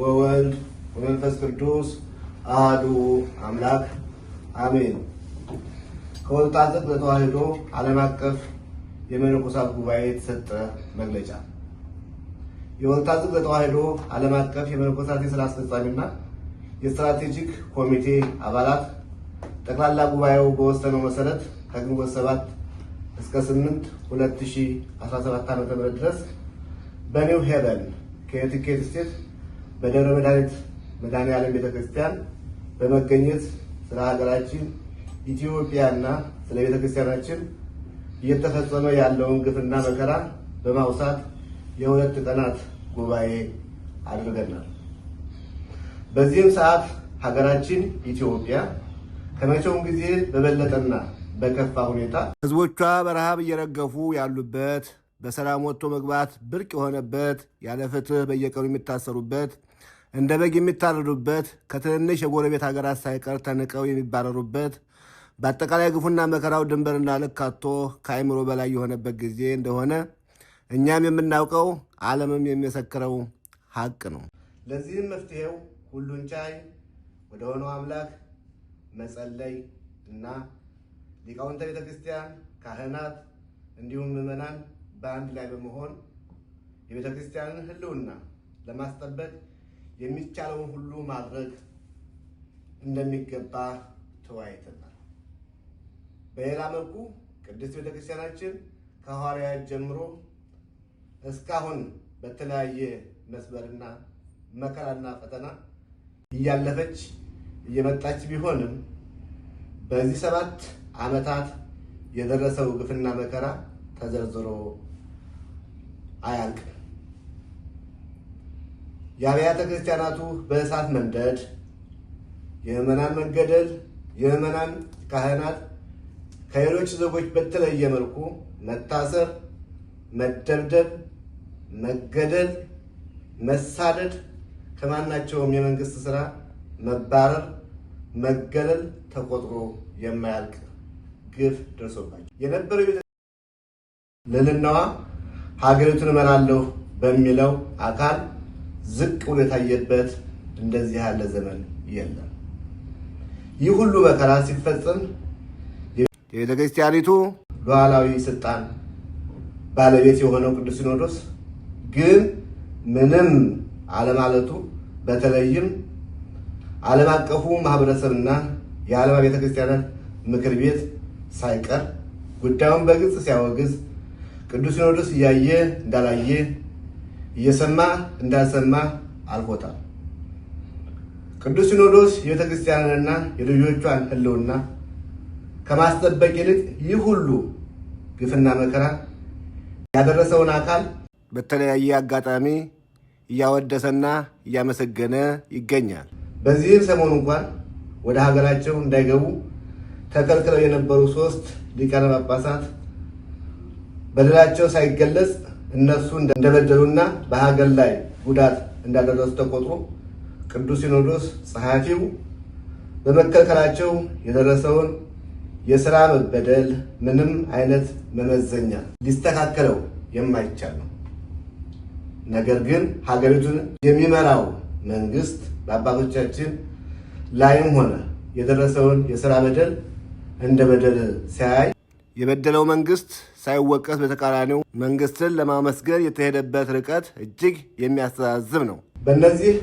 ወወልድ ወመንፈስ ቅዱስ አህዱ አምላክ አሜን። ከወጣት ለተዋሕዶ ዓለም አቀፍ የመነኮሳት ጉባኤ የተሰጠ መግለጫ የወጣት ለተዋሕዶ ዓለም አቀፍ የመነኮሳት የሥራ አስፈጻሚና የስትራቴጂክ ኮሚቴ አባላት ጠቅላላ ጉባኤው በወሰነው መሰረት ከግንቦት 7 እስከ 8 2017 ዓ.ም ድረስ በኒው ሄቨን ከኤቲኬት ስቴት በደብረ መድኃኒት መድኃኔዓለም ቤተክርስቲያን በመገኘት ስለ ሀገራችን ኢትዮጵያና ስለ ቤተክርስቲያናችን እየተፈጸመ ያለውን ግፍና መከራ በማውሳት የሁለት ቀናት ጉባኤ አድርገናል። በዚህም ሰዓት ሀገራችን ኢትዮጵያ ከመቼውም ጊዜ በበለጠና በከፋ ሁኔታ ህዝቦቿ በረሃብ እየረገፉ ያሉበት በሰላም ወጥቶ መግባት ብርቅ የሆነበት፣ ያለ ፍትህ በየቀኑ የሚታሰሩበት፣ እንደ በግ የሚታረዱበት፣ ከትንንሽ የጎረቤት ሀገራት ሳይቀር ተንቀው የሚባረሩበት፣ በአጠቃላይ ግፉና መከራው ድንበርና ልክ አጥቶ ከአእምሮ በላይ የሆነበት ጊዜ እንደሆነ እኛም የምናውቀው ዓለምም የሚመሰክረው ሀቅ ነው። ለዚህም መፍትሄው ሁሉን ቻይ ወደ ሆነው አምላክ መጸለይ እና ሊቃውንተ ቤተ ክርስቲያን፣ ካህናት እንዲሁም ምዕመናን በአንድ ላይ በመሆን የቤተ ክርስቲያንን ሕልውና ለማስጠበቅ የሚቻለውን ሁሉ ማድረግ እንደሚገባ ተወያይተናል። በሌላ መልኩ ቅድስት ቤተ ክርስቲያናችን ከሐዋርያት ጀምሮ እስካሁን በተለያየ መስመርና መከራና ፈተና እያለፈች እየመጣች ቢሆንም በዚህ ሰባት ዓመታት የደረሰው ግፍና መከራ ተዘርዝሮ አያንቅም። የአብያተ ክርስቲያናቱ በእሳት መንደድ፣ የምዕመናን መገደል፣ የምዕመናን ካህናት ከሌሎች ዜጎች በተለየ መልኩ መታሰር፣ መደብደብ፣ መገደል፣ መሳደድ፣ ከማናቸውም የመንግስት ስራ መባረር፣ መገለል ተቆጥሮ የማያልቅ ግፍ ደርሶባቸው የነበረው ልልናዋ? ሀገሪቱን እመራለሁ በሚለው አካል ዝቅ ብሎ የታየበት እንደዚህ ያለ ዘመን የለም። ይህ ሁሉ መከራ ሲፈጽም የቤተ ክርስቲያኒቱ ሉዓላዊ ስልጣን ባለቤት የሆነው ቅዱስ ሲኖዶስ ግን ምንም አለማለቱ በተለይም ዓለም አቀፉ ማህበረሰብና የዓለም ክርስቲያናት ምክር ቤት ሳይቀር ጉዳዩን በግልጽ ሲያወግዝ ቅዱስ ሲኖዶስ እያየ እንዳላየ እየሰማ እንዳልሰማ አልፎታል። ቅዱስ ሲኖዶስ የቤተ ክርስቲያንንና የልጆቿን ሕልውና ከማስጠበቅ ይልቅ ይህ ሁሉ ግፍና መከራ ያደረሰውን አካል በተለያየ አጋጣሚ እያወደሰና እያመሰገነ ይገኛል። በዚህም ሰሞኑ እንኳን ወደ ሀገራቸው እንዳይገቡ ተከልክለው የነበሩ ሶስት ሊቃነ ጳጳሳት በደላቸው ሳይገለጽ እነሱ እንደበደሉና በሀገር ላይ ጉዳት እንዳደረሱ ተቆጥሮ ቅዱስ ሲኖዶስ ጸሐፊው በመከልከላቸው የደረሰውን የሥራ መበደል ምንም አይነት መመዘኛ ሊስተካከለው የማይቻል ነው። ነገር ግን ሀገሪቱን የሚመራው መንግስት በአባቶቻችን ላይም ሆነ የደረሰውን የሥራ በደል እንደ በደል ሲያይ የበደለው መንግስት ሳይወቀስ በተቃራኒው መንግስትን ለማመስገን የተሄደበት ርቀት እጅግ የሚያስተዛዝብ ነው። በእነዚህ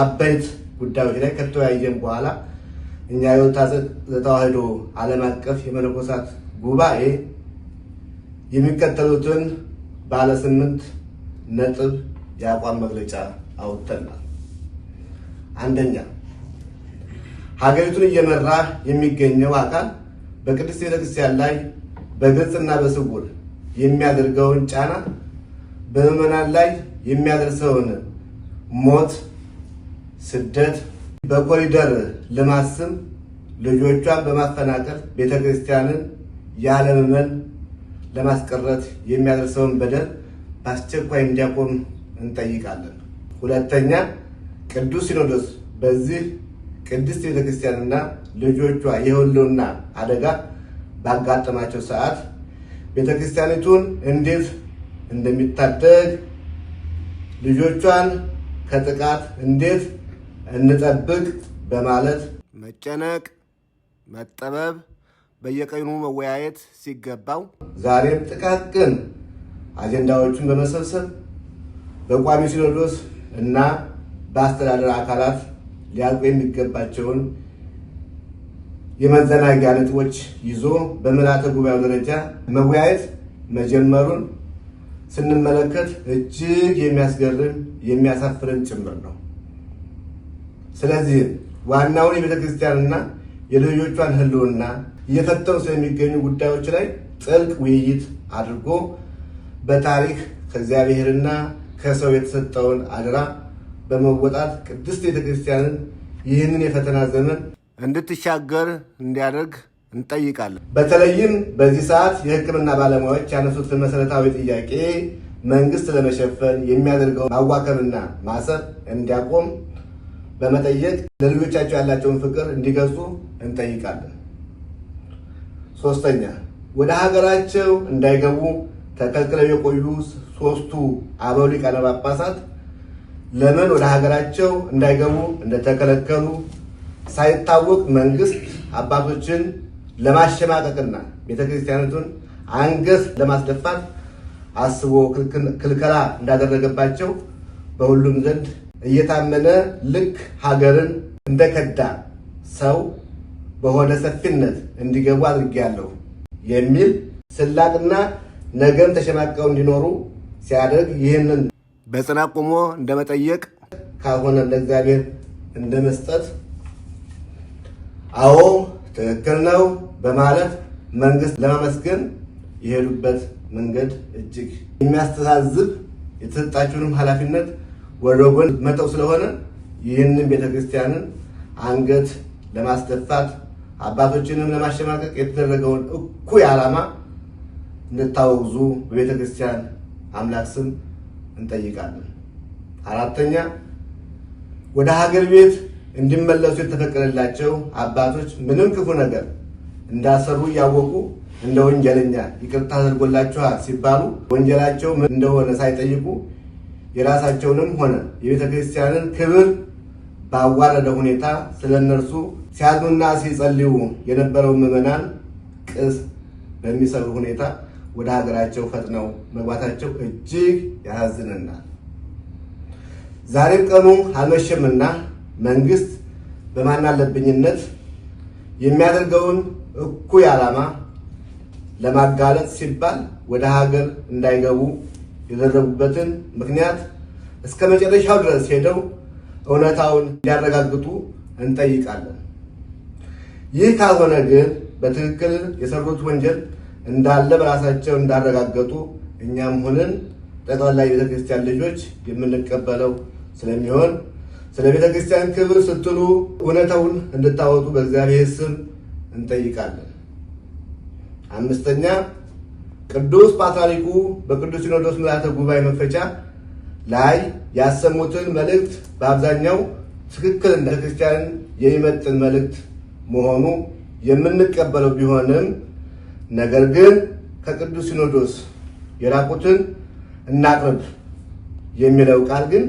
አበይት ጉዳዮች ላይ ከተወያየን በኋላ እኛ የወታ ዘተዋሕዶ ዓለም አቀፍ የመነኮሳት ጉባኤ የሚከተሉትን ባለ ስምንት ነጥብ የአቋም መግለጫ አውጥተናል። አንደኛ ሀገሪቱን እየመራ የሚገኘው አካል በቅድስት ቤተክርስቲያን ላይ በግልጽና በስውር የሚያደርገውን ጫና በምዕመናን ላይ የሚያደርሰውን ሞት፣ ስደት በኮሪደር ልማት ስም ልጆቿን በማፈናቀል ቤተ ክርስቲያንን ያለ ምዕመን ለማስቀረት የሚያደርሰውን በደል በአስቸኳይ እንዲያቆም እንጠይቃለን። ሁለተኛ፣ ቅዱስ ሲኖዶስ በዚህ ቅድስት ቤተ ክርስቲያንና ልጆቿ የሕልውና አደጋ ባጋጠማቸው ሰዓት ቤተ ክርስቲያኒቱን እንዴት እንደሚታደግ ልጆቿን ከጥቃት እንዴት እንጠብቅ በማለት መጨነቅ፣ መጠበብ፣ በየቀኑ መወያየት ሲገባው ዛሬም ጥቃቅን አጀንዳዎቹን በመሰብሰብ በቋሚ ሲኖዶስ እና በአስተዳደር አካላት ሊያውቁ የሚገባቸውን የመዘናጊያ ነጥቦች ይዞ በምልዓተ ጉባኤው ደረጃ መወያየት መጀመሩን ስንመለከት እጅግ የሚያስገርም የሚያሳፍርን ጭምር ነው። ስለዚህ ዋናውን የቤተ ክርስቲያንና የልጆቿን ሕልውና እየፈተኑ ስለሚገኙ ጉዳዮች ላይ ጥልቅ ውይይት አድርጎ በታሪክ ከእግዚአብሔርና ከሰው የተሰጠውን አደራ በመወጣት ቅድስት ቤተ ክርስቲያንን ይህንን የፈተና ዘመን እንድትሻገር እንዲያደርግ እንጠይቃለን። በተለይም በዚህ ሰዓት የሕክምና ባለሙያዎች ያነሱትን መሰረታዊ ጥያቄ መንግስት ለመሸፈን የሚያደርገው ማዋከምና ማሰር እንዲያቆም በመጠየቅ ለልጆቻቸው ያላቸውን ፍቅር እንዲገልጹ እንጠይቃለን። ሶስተኛ ወደ ሀገራቸው እንዳይገቡ ተከልክለው የቆዩ ሶስቱ አበው ሊቃነ ጳጳሳት ለምን ወደ ሀገራቸው እንዳይገቡ እንደተከለከሉ ሳይታወቅ መንግስት አባቶችን ለማሸማቀቅና ቤተክርስቲያኒቱን አንገት ለማስደፋት አስቦ ክልከላ እንዳደረገባቸው በሁሉም ዘንድ እየታመነ ልክ ሀገርን እንደከዳ ሰው በሆነ ሰፊነት እንዲገቡ አድርጌያለሁ የሚል ስላቅና ነገም ተሸማቀው እንዲኖሩ ሲያደርግ ይህንን በጽና ቁሞ እንደመጠየቅ ካልሆነ ለእግዚአብሔር እንደመስጠት አዎ ትክክል ነው በማለት መንግስት ለማመስገን የሄዱበት መንገድ እጅግ የሚያስተሳዝብ የተሰጣችሁንም ኃላፊነት ወደ ጎን መተው ስለሆነ ይህንን ቤተክርስቲያንን አንገት ለማስደፋት አባቶችንም ለማሸማቀቅ የተደረገውን እኩይ ዓላማ እንድታወግዙ በቤተክርስቲያን አምላክ ስም እንጠይቃለን። አራተኛ ወደ ሀገር ቤት እንዲመለሱ የተፈቀደላቸው አባቶች ምንም ክፉ ነገር እንዳሰሩ እያወቁ እንደ ወንጀለኛ ይቅርታ አድርጎላችኋል ሲባሉ ወንጀላቸው ምን እንደሆነ ሳይጠይቁ የራሳቸውንም ሆነ የቤተ ክርስቲያንን ክብር ባዋረደ ሁኔታ ስለ እነርሱ ሲያዝኑና ሲጸልዩ የነበረው ምዕመናን ቅስ በሚሰሩ ሁኔታ ወደ ሀገራቸው ፈጥነው መግባታቸው እጅግ ያሳዝንናል። ዛሬም ቀኑ አልመሸምና መንግስት በማናለብኝነት የሚያደርገውን እኩይ ዓላማ ለማጋለጥ ሲባል ወደ ሀገር እንዳይገቡ የደረጉበትን ምክንያት እስከ መጨረሻው ድረስ ሄደው እውነታውን እንዲያረጋግጡ እንጠይቃለን። ይህ ካልሆነ ግን በትክክል የሰሩት ወንጀል እንዳለ በራሳቸው እንዳረጋገጡ እኛም ሆንን ጠቅላላ የቤተክርስቲያን ልጆች የምንቀበለው ስለሚሆን ስለ ቤተ ክርስቲያን ክብር ስትሉ እውነተውን እንድታወጡ በእግዚአብሔር ስም እንጠይቃለን። አምስተኛ ቅዱስ ፓትርያርኩ በቅዱስ ሲኖዶስ ምልዓተ ጉባኤ መክፈቻ ላይ ያሰሙትን መልእክት በአብዛኛው ትክክል እንደ ክርስቲያን የሚመጥን መልእክት መሆኑ የምንቀበለው ቢሆንም ነገር ግን ከቅዱስ ሲኖዶስ የራቁትን እናቅርብ የሚለው ቃል ግን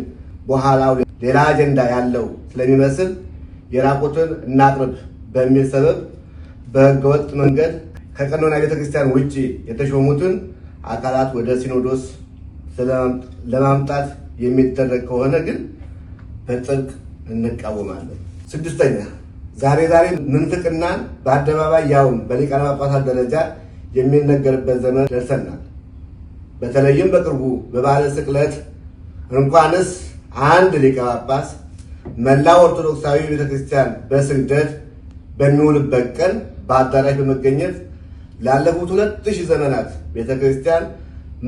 በኋላው ሌላ አጀንዳ ያለው ስለሚመስል የራቁትን እናቅርብ በሚል ሰበብ በህገወጥ መንገድ ከቀኖና ቤተክርስቲያን ውጭ የተሾሙትን አካላት ወደ ሲኖዶስ ለማምጣት የሚደረግ ከሆነ ግን በጥብቅ እንቃወማለን። ስድስተኛ ዛሬ ዛሬ ምንፍቅናን በአደባባይ ያውም በሊቃነ ጳጳሳት ደረጃ የሚነገርበት ዘመን ደርሰናል። በተለይም በቅርቡ በባለ ስቅለት እንኳንስ አንድ ሊቀ ጳጳስ መላው ኦርቶዶክሳዊ ቤተክርስቲያን በስግደት በሚውልበት ቀን በአዳራሽ በመገኘት ላለፉት ሁለት ሺህ ዘመናት ቤተክርስቲያን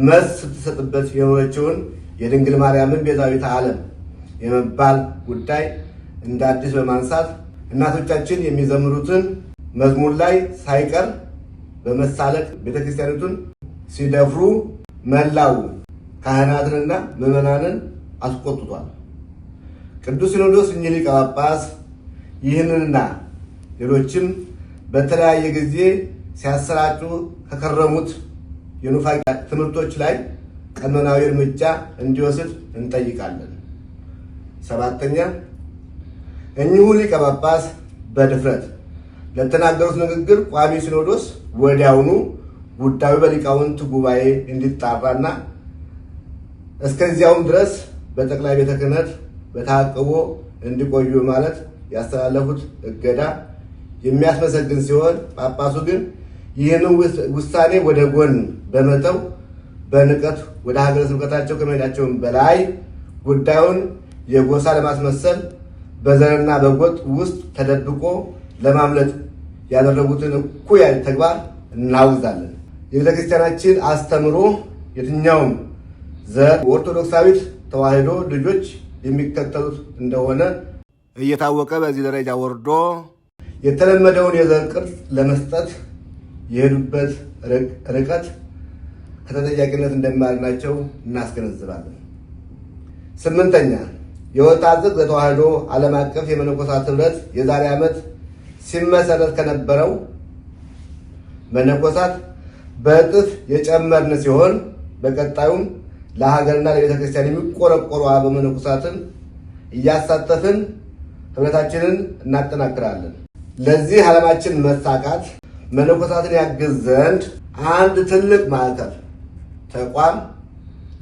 መስ ስትሰጥበት የሆነችውን የድንግል ማርያምን ቤዛዊተ ዓለም የመባል ጉዳይ እንደ አዲስ በማንሳት እናቶቻችን የሚዘምሩትን መዝሙር ላይ ሳይቀር በመሳለቅ ቤተክርስቲያኒቱን ሲደፍሩ መላው ካህናትንና ምዕመናንን አስቆጥቷል። ቅዱስ ሲኖዶስ እኚህ ሊቀ ጳጳስ ይህንንና ሌሎችም በተለያየ ጊዜ ሲያሰራጩ ከከረሙት የኑፋቂ ትምህርቶች ላይ ቀኖናዊ እርምጃ እንዲወስድ እንጠይቃለን። ሰባተኛ እኚሁ ሊቀ ጳጳስ በድፍረት ለተናገሩት ንግግር ቋሚ ሲኖዶስ ወዲያውኑ ጉዳዩ በሊቃውንት ጉባኤ እንዲጣራና እስከዚያውም ድረስ በጠቅላይ ቤተ ክህነት በታቅቦ እንዲቆዩ ማለት ያስተላለፉት እገዳ የሚያስመሰግን ሲሆን ጳጳሱ ግን ይህንን ውሳኔ ወደ ጎን በመተው በንቀት ወደ ሀገረ ስብከታቸው ከመሄዳቸውን በላይ ጉዳዩን የጎሳ ለማስመሰል በዘርና በጎጥ ውስጥ ተደብቆ ለማምለጥ ያደረጉትን እኩይ ተግባር እናውግዛለን። የቤተክርስቲያናችን አስተምሮ የትኛውም ዘር ኦርቶዶክሳዊት ተዋህዶ ልጆች የሚከተሉት እንደሆነ እየታወቀ በዚህ ደረጃ ወርዶ የተለመደውን የዘር ቅርጽ ለመስጠት የሄዱበት ርቀት ከተጠያቂነት እንደማያድናቸው እናስገነዝባለን። ስምንተኛ የወጣት ጽድቅ ዘተዋሕዶ ዓለም አቀፍ የመነኮሳት ኅብረት የዛሬ ዓመት ሲመሰረት ከነበረው መነኮሳት በእጥፍ የጨመርን ሲሆን በቀጣዩም ለሀገርና ለቤተ ክርስቲያን የሚቆረቆሩ አበ መነኮሳትን እያሳተፍን ህብረታችንን እናጠናክራለን። ለዚህ ዓላማችን መሳካት መነኮሳትን ያግዝ ዘንድ አንድ ትልቅ ማዕከል ተቋም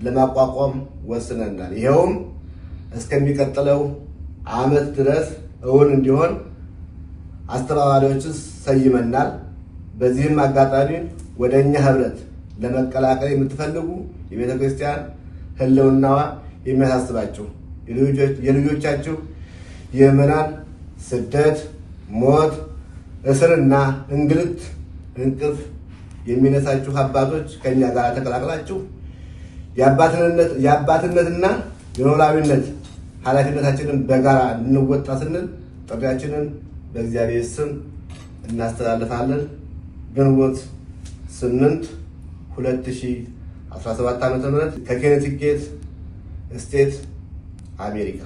ለማቋቋም ወስነናል። ይኸውም እስከሚቀጥለው ዓመት ድረስ እውን እንዲሆን አስተባባሪዎችን ሰይመናል። በዚህም አጋጣሚ ወደ እኛ ህብረት ለመቀላቀል የምትፈልጉ የቤተ ክርስቲያን ሕልውናዋ የሚያሳስባችሁ የልጆቻችሁ የምዕመናን ስደት፣ ሞት፣ እስርና እንግልት እንቅፍ የሚነሳችሁ አባቶች ከኛ ጋር ተቀላቅላችሁ የአባትነትና የኖላዊነት ኃላፊነታችንን በጋራ እንወጣ ስንል ጥሪያችንን በእግዚአብሔር ስም እናስተላልፋለን። ግንቦት ስምንት 2017 ዓ.ም ከኬነቲኬት ስቴት አሜሪካ